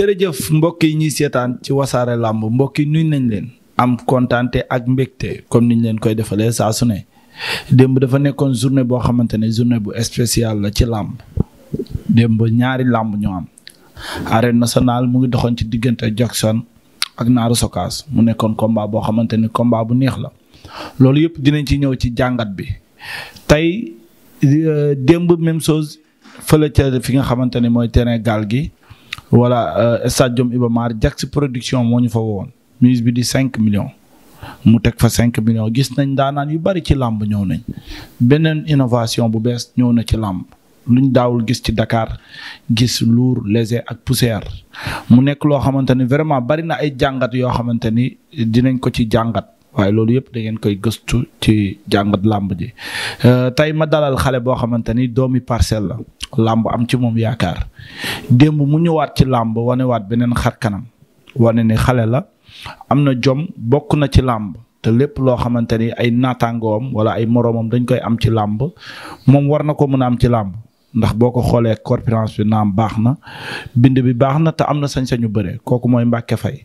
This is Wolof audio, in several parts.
jërëjëf mbokk yi ñuy seetaan ci wasaare làmb mbokk yi nuñ nañ leen am kontaante ak mbégte comme niñ leen koy defalee saa su ne démb dafa nekkoon journée boo xamante ne journée bu spéciale la ci làmb démb ñaari làmb ñoo am arène nationale mu ngi doxoon ci diggante Jackson ak Naaru Sokaas mu nekkoon combat boo xamante ni combat bu neex la loolu yëpp dinañ ci ñëw ci jàngat bi tey euh, démb même chose fële ca fi nga xamante ne mooy terrain gaal gi voilà euh, stade Iba Mar Diaks production moo ñu fa woon mise bi di cinq millions mu teg fa cinq millions gis nañ daanaan yu bari ci làmb ñëw nañ beneen innovation bu bees ñëw na ci làmb luñ daawul gis ci dakaar gis luur léger ak poussière mu nekk loo xamante ni vraiment bari na ay jàngat yoo xamante ni dinañ ko ci jàngat waaye loolu yëpp da ngeen koy gëstu ci jàngat làmb ji euh, tey ma dalal xale boo xamante ni doomi parcelle la làmb am ci moom yaakaar démb mu ñëwaat ci làmb wanewaat beneen xar kanam wane ni xale la am na jom bokk na ci làmb te lépp loo xamante ni ay naataangoom wala ay moroomam dañ koy am ci làmb moom war na ko mën a am ci làmb ndax boo ko xoolee corpulence bi naam baax na bind bi baax na te am na sañ-sañu bëre kooku mooy Mbacke fay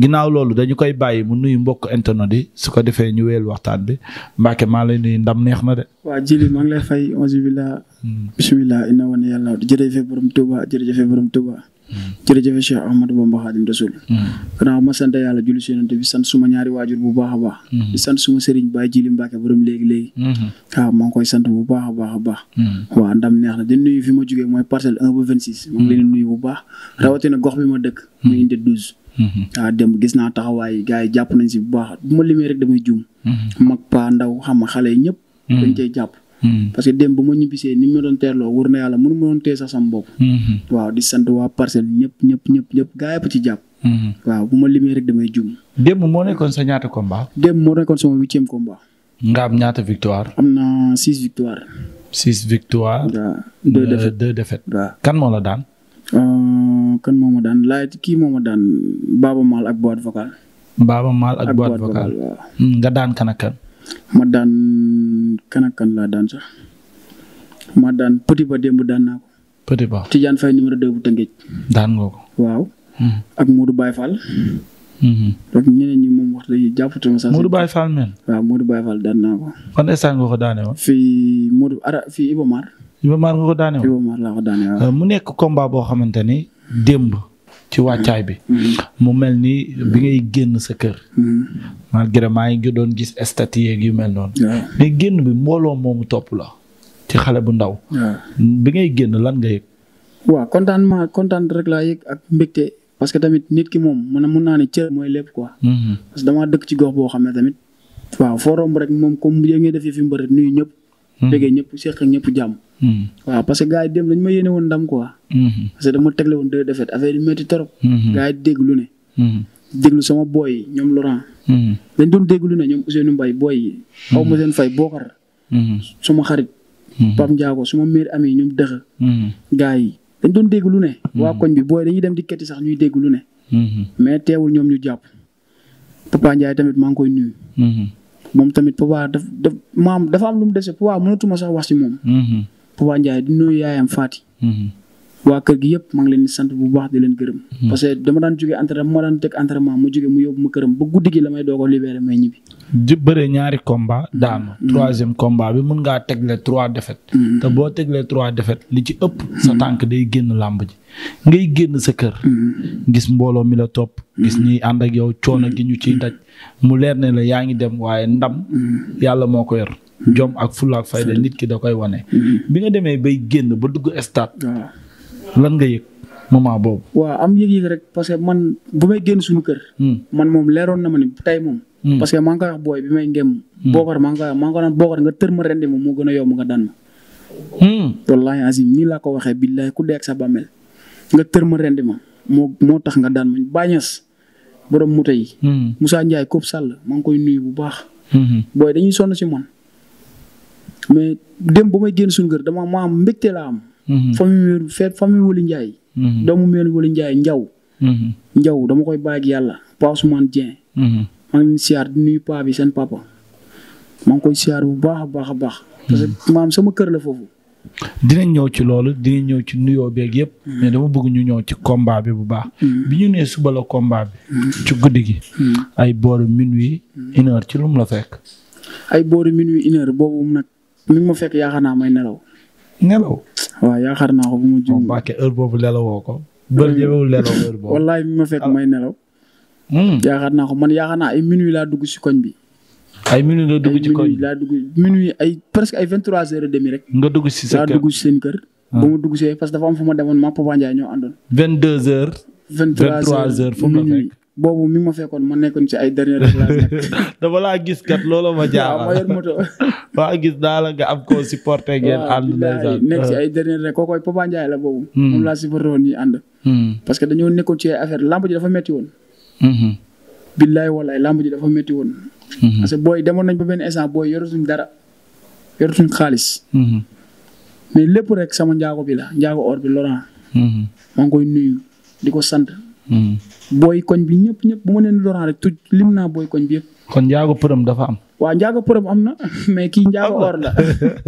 ginnaaw loolu dañu koy bàyyi mu nuyu mbokk internet yi su ko defee ñu wéyal waxtaan bi Mbacke maa lay nuyu ndam neex na de. waa jili maa ngi lay fay onze billah hmm. bismillah inna wane yàlla jërëjëf borom Touba jërëjëf borom Touba. jërëjëf Cheikh Ahmadou Bamba Xaadim Rasul hmm. gannaaw ma sant yàlla julli si yonent bi sant suma ñaari waajur bu baax a baax hmm. di sant suma sëriñ hmm. baax a baax a baax waaw ndam neex mooy parcelle un ba vingt bi ma dëkk muy indi douze waaw dem gis naa yi jàpp nañ si bu baax bu ma limee rek damay juum mag pa ndaw xam xale yi ñëpp dañ cay jàpp Hmm. parce que dem ba ma ñibbisee ni ma doon teerloo wër na yàlla mënu ma tee sax sama hmm. waaw di sant waa parcelle ñëpp ñëpp ñëpp ñëpp gaa yëpp ci jàpp. Hmm. waaw bu ma limee rek damay jum. démb moo nekkoon sa ñaata combat. démb moo nekkoon sama huitième combat. nga am ñaata victoire. am na six victoire. six victoire. waaw deux défaites kan moo la daan. Euh, kan moo ma daan laaj kii moo ma daan Baaba Maal ak boîte vocale. Baaba Maal ak boîte vocale. nga daan kan ma daan kan ak kan laa daan sax ma daan petit ba démb daan naa ko. petit ba Tidiane Faye numéro 2 bu Tëngéej. daan nga ko waaw. Hmm. ak Modou Baye Fall. Hmm. donc meen. waaw Modou Baye Fall daan naa ko. fan instant nga nga ko daane mu nekk combat boo xamante ni démb. ci wàccaay mm-hmm. bi. Mm-hmm. mu mel ni bi ngay génn sa kër. ma mm-hmm. malgré maa ngi doon gis statut yeeg yu mel noonu. mais génn bi mbooloo moomu topp la. ci xale bu ndaw. bi ngay génn lan nga yëg. kontaan contentement content rek laa yëg ak mbégte parce que tamit nit ki moom mun na mun naa ne cër mooy lépp quoi. parce que damaa dëkk ci gox boo xam ne tamit. waaw foo romb rek moom comme yéen ngi def fi mbër nuyu ñëpp. déggee ñëpp ñëpp jàmm. Hmm. waaw parce que yi dem dañu ma yéene woon ndam quoi. Hmm. parce que dama tegle woon deux défaites affaire yi métti trop. Hmm. yi dégg lu ne. déglu sama boy yi ñoom Laurent. dañ doon dégg lu ne ñoom ma seen fay bookar. suma xarit. Pape Ndiago suma miir am yi ñoom dëx. gars yi dañ doon dégg lu ne. waa koñ bi booy dañuy dem di ketti sax ñuy dégg lu ne. mais teewul ñoom ñu jàpp. Papa Ndiaye tamit maa ngi koy nuyu. moom tamit papa daf daf maam dafa am lu mu dese sax wax moom. Papa Ndiaye di nuyu yaayam Fati. Mhm. waa kër gi yëpp maa ngi leen sant bu baax di leen gërëm. Mhm. parce dama daan jógee entraînement ma daan teg entraînement mu jógee mu yóbbu ma këram ba guddi gi la may doog a libéré may ñibbi. di ñaari komba mhm. daanu. troisième komba bi mun ngaa tegle trois défaites. te boo tegle trois défaites li ci ëpp. sa tànk day génn làmb ji. ngay génn sa kër. gis mbooloo mi la topp. gis ñiy ànd ak yow coono gi ñu ciy daj. mu leer ne la yaa ngi dem waaye ndam. yàlla moo Mm-hmm. jom ak fulla ak fayda nit ki da koy wane. Mm-hmm. bi nga demee bay génn ba dugg stade. lan nga yëg moment boobu. waaw am yëg-yëg rek parce man bu may génn suñu kër. Mm. man moom leeroon na ma ni tey moom. Mm. parce que maa ngi koy wax booy bi may ngem. Mm. bookar maa nga tër ma rendi ma gën a yomb nga daan ma. wallaahi azim nii laa ko waxee billahi ku dee ak sa bàmmeel nga tër ma rendi ma moo moo tax nga daan ma bàññees borom moto yi. Moussa Ndiaye Kop Sall maa ngi koy nuyu bu baax. Mm-hmm. booy dañuy sonn ci man. mais dem bu may génn suñu kër dama maam am mbégte laa am. Mhm. famille feet famille Wali Ndiaye. Mhm. doomu meen Wali Ndiaye Njaw. Mhm. Njaw dama koy bàyyi ak yàlla Pa Ousmane Dieng. maa ngi siyaar di nuyu paa bi seen papa. maa ngi koy siyaar bu baax a baax a baax. parce que maam sama kër la foofu. dinañ ñëw ci loolu dinañ ñëw ci nuyoo beeg yëpp. mais dama bëgg ñu ñëw ci combat bi bu baax. bi ñu nee suba la combat bi. ci guddi gi. ay booru minuit une heure ci lum la fekk. ay booru minuit une heure boobu nag. mi ma fekk yaakaar naa may nelaw. nelaw. waa yaakaar naa ko bu ma juum. Mbacke heure boobu nelawoo ko. bër jëmewul nelaw heure boobu. wallaahi mi ma fekk may nelaw. Hmm. yaakaar naa ko man yaakaar naa ay minuit laa dugg si koñ bi. ay minuit la dugg ci koñ laa dugg minuit ay presque ay vingt trois heures et demi rek. nga dugg si sa si seen kër. Ah. ba mu dugg see parce que dafa am fu ma demoon ma Papa Ndiaye ñoo àndoon. vingt deux heures. vingt trois heures fu mu la fekk boobu mi ma fekkoon ma nekkoon ci ay dernière classe dama laa gis kat loolu ma jaaxal ma yor moto waa gis daal nga am nekk si euh. ay dernière kookooy Papa Ndiaye la boobu hmm. moom laa supporté woon ñuy ànd hmm. parce que dañoo nekkoon ci ay affaire lamb ji dafa metti woon hmm. billaay walaay lamb ji dafa metti woon parce que booy demoon nañ ba benn instant booy yoratuñ dara yoratuñ xaalis mais lépp rek sama njaago bi la njaago or bi Laurent maa ngi koy nuyu di ko sant booy koñ bi ñëpp ñëpp bu ma leen loraan rek tu lim naa booy koñ bi yëpp. kon njaago përëm dafa am. waaw njaago përëm am na mais kii njaago ah or la.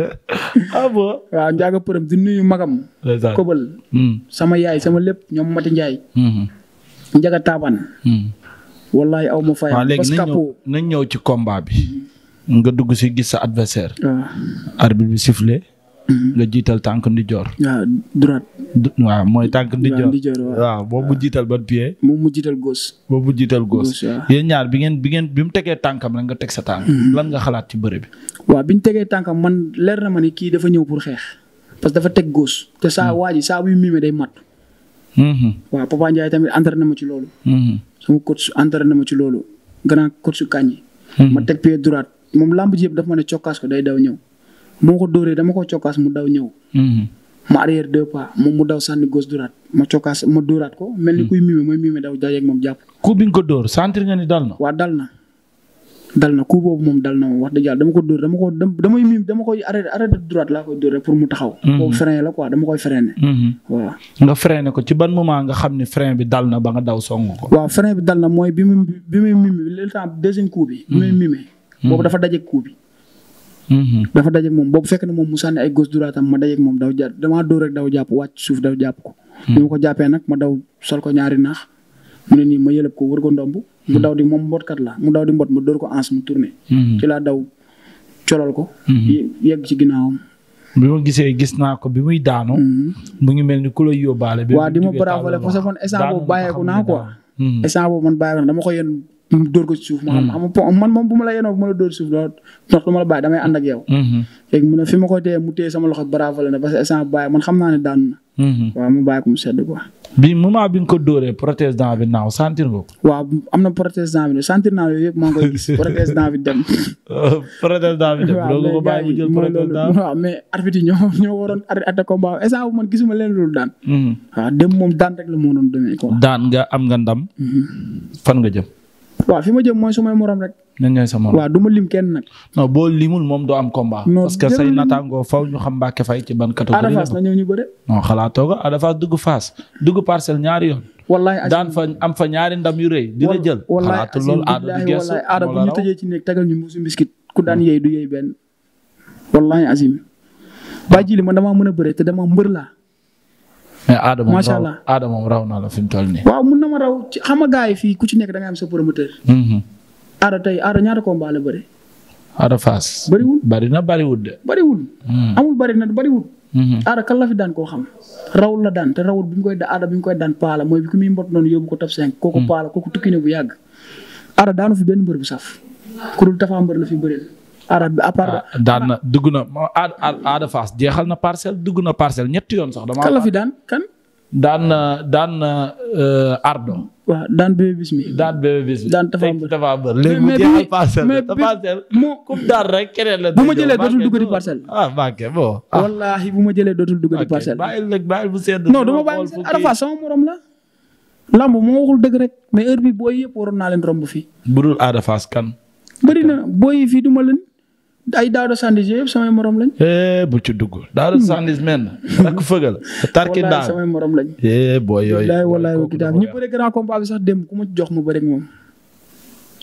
ah bon waaw njaago përëm di nuyu magam. kobal hmm. sama yaay sama lépp ñoom Mati Ndiaye. Hmm. njaga taaban. Hmm. wallahi aw ma fayam. parce na capot ñëw ci komba bi. nga dugg si gis sa adversaire. arbitre bi sifflé Mm-hmm. nga jiital tànk ndijoor. waaw droite. waaw mooy tànk ndijoor waaw boobu jiital ban pied. moom mu jiital gauche. boobu jiital gauche. yéen ñaar bi ngeen bi ngeen bi mu tegee tànkam rek nga teg sa tànk. Mm-hmm. lan nga xalaat ci bëre bi. waaw bi ñu tegee tànkam man leer na ma ni kii dafa ñëw pour xeex. parce que dafa teg gauche. te saa mm-hmm. waa ji saa buy mimé day mat. waaw Papa Ndiaye tamit entraîné ma ci loolu. sama coach entraîné ma ci loolu. grand coach Kandji. ma teg pied droite moom lamb ji yëpp dafa ma ne cokkaas ko day daw moo ko dóoree dama ko cokkaas mu daw ñëw. Mm-hmm. ma arrière deux pas moom mu daw sànni gos duraat ma cokkaas ma dóoraat ko. mel ni mm-hmm. kuy mime mooy mime daw jaay ak moom jàpp. ku ko dóor sentir nga ni dal na. waa dal na dal moom dal na moom wax dëgg ko dóor dama ko damay mime dama koy arrêté arrêté droite laa koy dóor rek mu taxaw. Mm-hmm. boobu la quoi dama koy freiné. ko ci ban moment nga xam ne frein bi dal na ba nga daw songu ko. waaw frein bi dal na mooy bi muy bi muy temps deuxième coup bi. bi boobu dafa daje coup Mm-hmm. dafa daje moom boobu fekk na moom mu sànni ay gauche droite am ma daje ak moom daw daw jàpp wàcc suuf daw jàpp ko. Mm-hmm. bi ma ko jàppee nag ma daw sol ko ñaari naax mu ne nii ma yëlëb ko wër ko ndomb. mu mm-hmm. daw di moom mbotkat la mu daw di mbot ma dóor ko ans mu tourné. ci laa daw ko. yegg ci ginnaawam. bi ma gisee gis naa ko bi muy daanu. mu ngi mel ni ku la yóbbaale. bi waaw di ma bravo parce que man instant boobu bàyyeeku naa quoi. instant boobu man bàyyeeku naa dama ko yéen dóor ko suuf. ma xam hmm. xam man moom bu ma la yenoo bu ma la dóor ci suuf lool ndox du ma la bàyyi damay ànd ak yow. Hmm. léegi mu fi ma ko téye mu téye sama loxo bravo la ne parce que hmm. bi nga ko dóoree protestant bi naaw sentir nga ko. am na protestant bi sentir naa yooyu yëpp koy gis protestant bi dem. dem loolu nga ñoo ñoo waroon arrêté combat man gisuma leen loolu daan. dem moom daan rek la moo doon demee quoi. daan nga am nga ndam. fan nga jëm. waa fi ma jëm mooy sumay morom rek. ñan ñooy sa morom waaw du ma lim kenn nag. non boo limul moom doo am combat. parce que say nataangoo faw ñu xam Mbacké Faye ci ban catégorie. Ada Fass na ñëw ñu bëre. non xalaatoo ko Ada dugg Fass dugg parcelle ñaari yoon. wallaay daan am fa ñaari ndam yu rëy. dina jël xalaatu loolu aada du gees aada bu ñu tëjee ci néeg tegal ñu musu biskit ku daan yeey du yeey benn wallaay azim. baa ji li man damaa mën a bëre te dama mbër laa mais aada moom raw aada moom na la fi mu toll nii. waaw mun na ma raw ci xam yi fii ku ci nekk da nga am sa promoteur. aada mhm. tey aada ñaata combat la bëri. aada faas. bëriwul bari na bëriwul de. bëriwul. Mhm. amul bëri na bëriwul. aada mhm. kan la daan koo xam. rawul la daan te rawul bi ñu koy da aada bi ñu koy daan paala mooy bi ku muy mbot noonu yóbbu ko top 5. kooku paala kooku tukki bu yàgg. aada daanu fi benn mbër bu saf. ku dul tafa mbër la fi bëreel. arab à ah, daan na dugg na Ada Fass jeexal na parcelle dugg na parcelle ñett yoon sax. dama kan la fi daan kan. daan na euh, ardo. daan bébé bis mi. daan bébé bis mi daan tafa mbër léegi mu jeexal parcelle mais comme daan rek keneen bu ma jëlee dootul dugg di parcelle. ah manqué bon. Ah. wallaahi bu ma jëlee dootul dugg di parcelle. bàyyil nag bàyyil bu sedd. non dama bàyyi Ada Fass sama morom la. lamb moo waxul dëgg rek mais heure bi booy yëpp waroon naa leen romb fii. budul Ada Fass kan. bëri booy yi fii leen. ay Daouda Sandwich yëpp samay morom lañ. Eh, bu ci dugg Daouda hmm. Sandwich men rek fëgg la. tarki daal samay morom lañ. Eh, booy yooyu. ñu bëre grand combat bi sax dem ku ma jox mu bëre ak moom.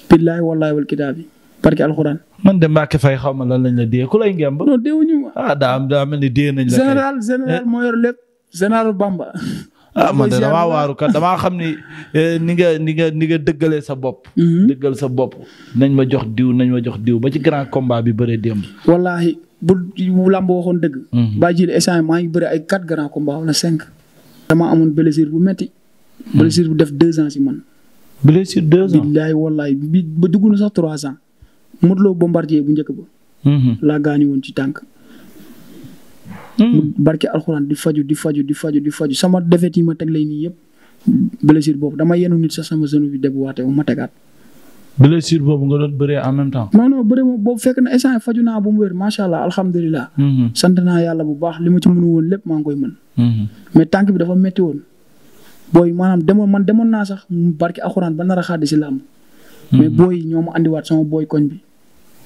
billaay wallaay wal kitaab bi barki alxuraan. man de Mbacke Faye xaw ma lan lañ la dee ku lay ngemb. non deewuñu ma ah daa daa mel ni dee nañ la. général général eh. yor lépp général Bamba. ah man damaa waaru kat damaa xam ni eh, ni nga ni nga ni dëggalee sa bopp. Mm-hmm. dëggal sa bopp nañ ma jox diw nañ ma jox diw ba ci grand combat bi bëree démb. wallaahi bu bu làmb waxoon dëgg. baa jëlee échange maa ngi bëri ay quatre grand combat wala cinq. dama amoon blessure bu metti mm-hmm. blessure bu def deux ans si man. blessure deux ans billaay wallaay bi ba dugg na sax trois ans. Modou Lo bombardier bu njëkk ba. Mm-hmm. laa gaañu woon ci tànk. Mm. barke alxuraan di faju di faju di faju di faju sama defet yi ma teg lay nii yëpp blessure boobu dama yenu nit sax sama genou bi débuwaate wu ma tegaat. blessure boobu nga doon bëree en même temps. non non bëree moom boobu fekk na instant faju naa bu mu wér macha allah alhamdulilah. Mm-hmm. sant naa yàlla bu baax li ma ci mënu woon lépp maa ngi koy mën. Mm-hmm. mais tànk bi dafa métti woon. booy maanaam demoon man demoon naa sax barki alxuraan ba nar a xaadi si làmb. mais mm-hmm. booy ñoo ma andiwaat sama booy koñ bi.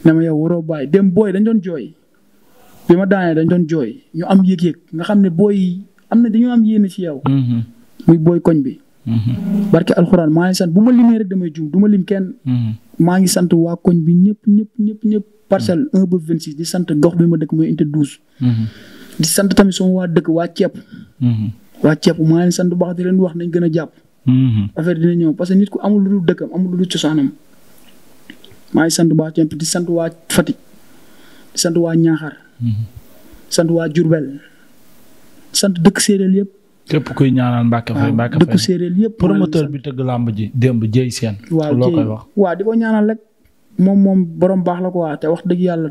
ne yow waroo bàyyi dem booy dañ doon jooy. bi ma daanee dañ doon jooy ñu am yëg-yëg nga xam ne booy am na dañoo am yéene ci yow. Mm-hmm. muy booy koñ bi. Mm-hmm. barke alxuraan maa ngi sant bu ma limee rek damay jum du ma lim ken mm-hmm. maa ngi sant waa koñ bi ñëpp ñëpp ñëpp ñëpp. parcelle un vingt six di sant gox bi ma dëkk mooy unité douze. sant tamit sama waa dëkk waa ceeb. waa ceeb maa ngi sant bu baax di leen wax nañ gën a jàpp. affaire dina ñëw parce que nit ku amul lu dul dëkkam amul lu cosaanam. maa ngi sant bu baax ceeb di sant waa Fatick di sant waa Ñaaxar. sant waa Jurbel sant dëkk séeréer yëpp. képp kuy ñaanal Mbacke Faye Mbacke Faye dëkk séeréer yëpp. promoteur bi tëgg làmb ji démb jéy seen. waaw loo koy wax waaw di ko ñaanal rek moom moom borom baax la ko waa te wax dëgg yàlla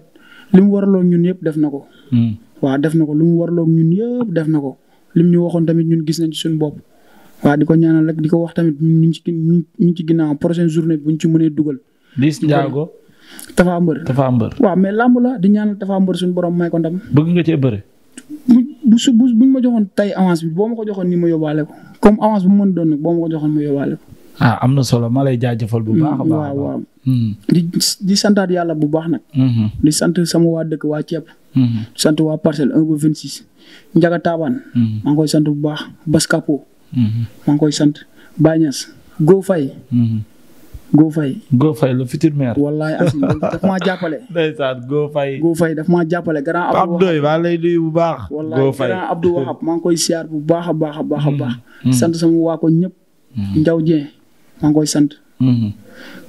li mu waraloon ñun yëpp def na ko. Hmm. waaw def na ko li mu waraloon ñun yëpp def na ko lim ñu waxoon tamit ñun gis nañ ci suñu bopp. waa di ko ñaanal rek di ko wax tamit ñu ci ci ginnaaw prochaine journée bu ñu ci mënee dugal. Liss Ndiago Tapha Mbeur. Tapha Mbeur. waaw mais làmb la di ñaanal Tapha Mbeur suñu borom may ko ndam. bëgg nga cee bëre. bu su bu buñ ma joxoon tey avance bi boo ma ko joxoon ni ma yóbbaale ko comme avance bu mu mën doon nag boo ma ko joxoon ah, am na solo ma lay jaajëfal bu baax a baax. Mm, waaw waaw hmm. di di santaat yàlla bu baax nag. Hmm. di sant sama waa dëkk waa ceeb. Hmm. sant waa parcelle un ba vingt six. Njaga Taabaan. maa ngi koy sant bu baax Baskapo. maa ngi koy sant Bañas Go Faye. Go Faye. Go Faye le futur maire. wallaay as daf maa jàppale. ndeysaan Go Faye. Go Faye daf maa jàppale grand. Abdou Abdoy maa lay nuyu bu baax. Go Faye wallaay grand Abdou Wahab maa ngi koy siyaar bu baax a baax a baax a mm-hmm. baax. Mm-hmm. sant sama waa ko ñëpp. Mm-hmm. Njaw Dieng maa ngi koy sant.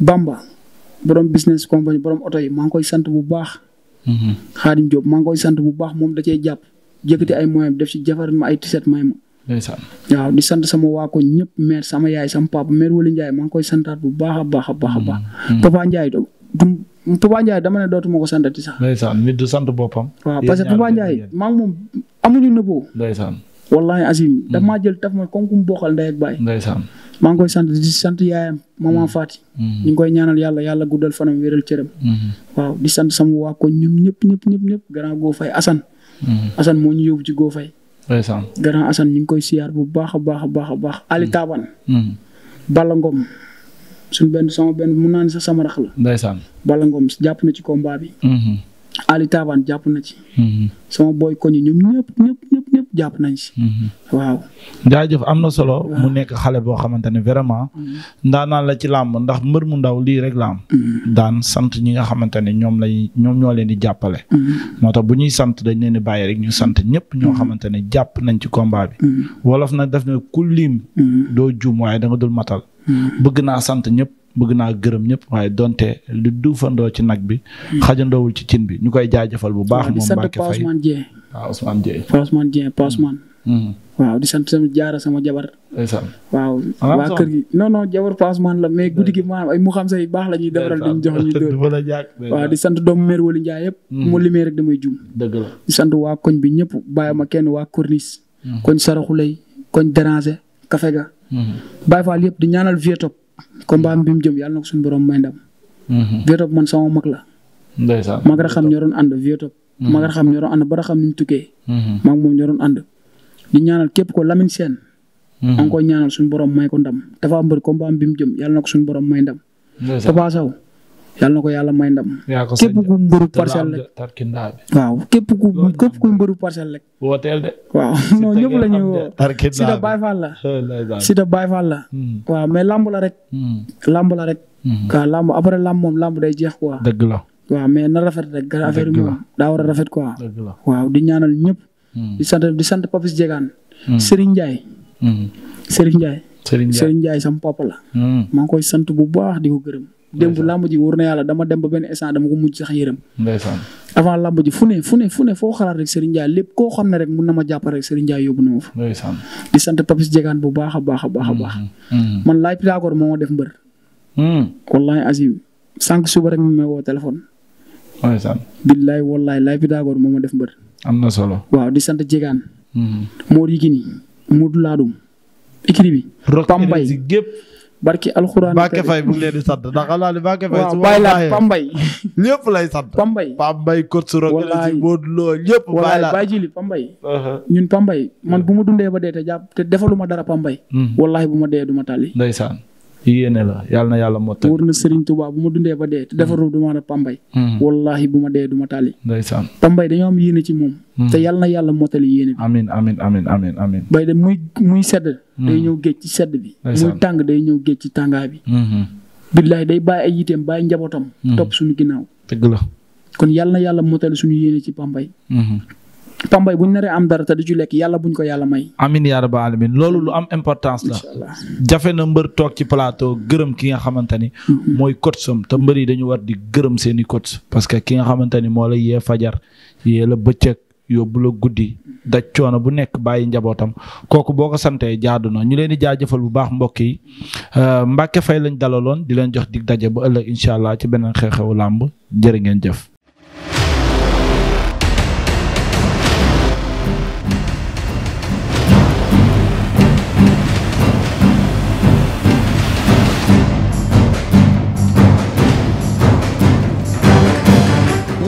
Bamba borom business compagnie borom oto yi maa ngi koy sant bu baax. Xaadim Diop maa ngi koy sant bu baax moom da cee jàpp. jëkkati ay moyens def ci jafar ma ay tiset may ma. ndeysaan waaw di sant sama waako ñëpp mère sama yaay sama papa mère Wali Ndiaye maa ngi koy santaat bu baax a baax a baax a baax. Mm-hmm. Papa Ndiaye du Papa ne dootuma ko santati sax. ndeysaan nit du sant boppam. waaw parce que Papa Ndiaye maa ngi moom amuñu nëbboo. ndeysaan wallahi azim. daf mm-hmm. maa jël taf ma comme ku mu bokkal ndey ak maa ngi koy sant sant yaayam maman mm-hmm. faat ñu ngi koy ñaanal yàlla yàlla guddal fanam wéral cëram. waaw di sant sama waa ko ñëpp ñëpp ñëpp ñëpp gannaaw goo fay Assane. Assane moo ñu yóbbu ci goo fay ndeysaan grand Assane ñu ngi koy siyaar bu baax a baax a baax a baax. Ali mm. Taban. Mm. Balla Ngom suñ benn sama benn mu naan sa sax sama rax la. Balla Ngom jàpp na ci combat bi. Mm-hmm. Ali Taban jàpp na ci. Mm-hmm. sama boy koñ ñoom ñëpp ñëpp. ñëpp jàpp nañ si. Mm-hmm. waaw. jaajëf am na solo. mu nekk xale boo xamante ne vraiment. ndaanaan mm-hmm. la ci làmb ndax mbër mu ndaw lii rek laam mm-hmm. daan sant ñi nga xamante ne ñoom lay ñoom ñoo leen di jàppale. moo tax bu ñuy sant dañ leen di bàyyi rek ñu sant ñëpp ñoo xamante ne jàpp nañ ci combat bi. wolof nag def na ku lim. doo juum waaye da dul matal. bëgg naa sant ñëpp. bëgg naa gërëm ñëpp waaye donte lu duufandoo ci nag bi. xajandoowul ci cin bi ñu koy jaajëfal bu baax. moom Mbacké Faye waaw ah, Ousmane Dieng. Pa ah, Ousmane Dieng Pa Ousmane. Hmm. Hmm. waaw di sant sama jaara sama jabar. ndeysaan waaw. waa kër gi non non jabar Pa Ousmane la mais guddi gi maanaam ay mu xam sa yu baax la ñuy defaral di ñu jox ñu dóor. waaw di sant doomu meer Waly Ndiaye yëpp. Hmm. mu limee rek damay juum. dëgg di sant waa koñ bi ñëpp bàyyi ma kenn waa Corniche. koñ Saraxulay koñ Déranger Café ga. Baye Fall yëpp di ñaanal Vietop. combat bi mu jëm yàlla na ko suñu borom may ndam. Vietop man sama mag la. ndeysaan mag rek xam Vietop ma nga xam ñoo doon ànd ba nga xam ni ñu tukkee. Mhm. maa ngi moom ñoo doon di ñaanal képp ko Lamine Sène. maa mhm. ngi ñaanal suñu borom may ko ndam dafa am bëri combat bi mu jëm yàlla na ko suñu borom may ndam. Papa Sow yàlla ko yàlla may ndam. képp ku mbëru parcelle rek waaw képp ku képp ku mbëru parcelle rek. wooteel de. waaw non ñëpp la ñuy woo. Siteu Baye la. Siteu hmm. Baye mais lamb la rek. Hmm. lamb la rek. Hmm. waaw lamb après lamb moom lamb day jeex quoi. dëgg la. waaw mais na rafet rek gara affaire bi moom daa a rafet quoi waaw di ñaanal ñëpp hmm. di sant di sant Papis Jegaan hmm. hmm. Serigne Ndiaye Serigne Ndiaye Serigne Ndiaye sama koy sant bu baax di ko gërëm démb làmb ji wóor na yàlla dama dem ba benn instant dama ko mujj sax yërëm ndeysaan avant làmb ji fu ne fu ne fu rek Serigne Ndiaye lépp koo xam ne rek mun na ma jàpp rek Serigne Ndiaye yóbbu na ma di sant Papis Jegaan bu baax a baax a baax a baax man laay Pythagore moo ma def mbër wallahi azim sànq suba rek mu ndeysaan. billaay wallaay laay Pythagore a ma def mbër. am na solo. waaw di sant Jegaan. Mor mm-hmm. Yigini. Modou Ladoum. Ikri bi. Pambay gépp barki alxuraan. Mbacké Faye mu ngi leen di sant ndax xam naa ne Mbacké Faye. ma laajee Pambay. ñëpp lay sant. Pambay uh-huh. man uh-huh. bu ma dundee ba dee te jàpp te defaluma dara Pambay. Mm. wallaay bu ma dee du ma yéene la yàlla na yàlla mottal. wóor na Serigne Touba bu ma dundee ba dee. te defarul mm. du ma ne Pambay. Mm. wallaahi bu ma dee du ma tàlli. ndeysaan Pambay dañoo am yéene ci moom. Mm. te yàlla na yàlla mottali yéene bi. amiin amiin amiin amiin amiin. bay de day ñëw géej ci sedd mm-hmm. topp suñu ginnaaw. dëgg la kon yàlla na yàlla mottali suñu yéene ci Pambay. Mm-hmm. Pambay bu ñu naree am dara te di ci lekk yàlla buñ ko yàlla may. amin yaa rabbal alamin loolu lu am importance la. jafe na mbër toog ci plateau gërëm ki nga xamante ni. Mm-hmm. mooy coach am te mbër yi dañu war di gërëm seen i coach parce que ki nga xamante ni moo la yee fajar yee la bëccëg yóbbu la guddi daj coono bu nekk bàyyi njabootam kooku boo ko santee jaadu na ñu leen di jaajëfal bu baax mbokk yi euh, Mbacke Faye lañ dalaloon di leen jox dig daje ba ëllëg incha allah ci beneen xew làmb jërë ngeen jëf.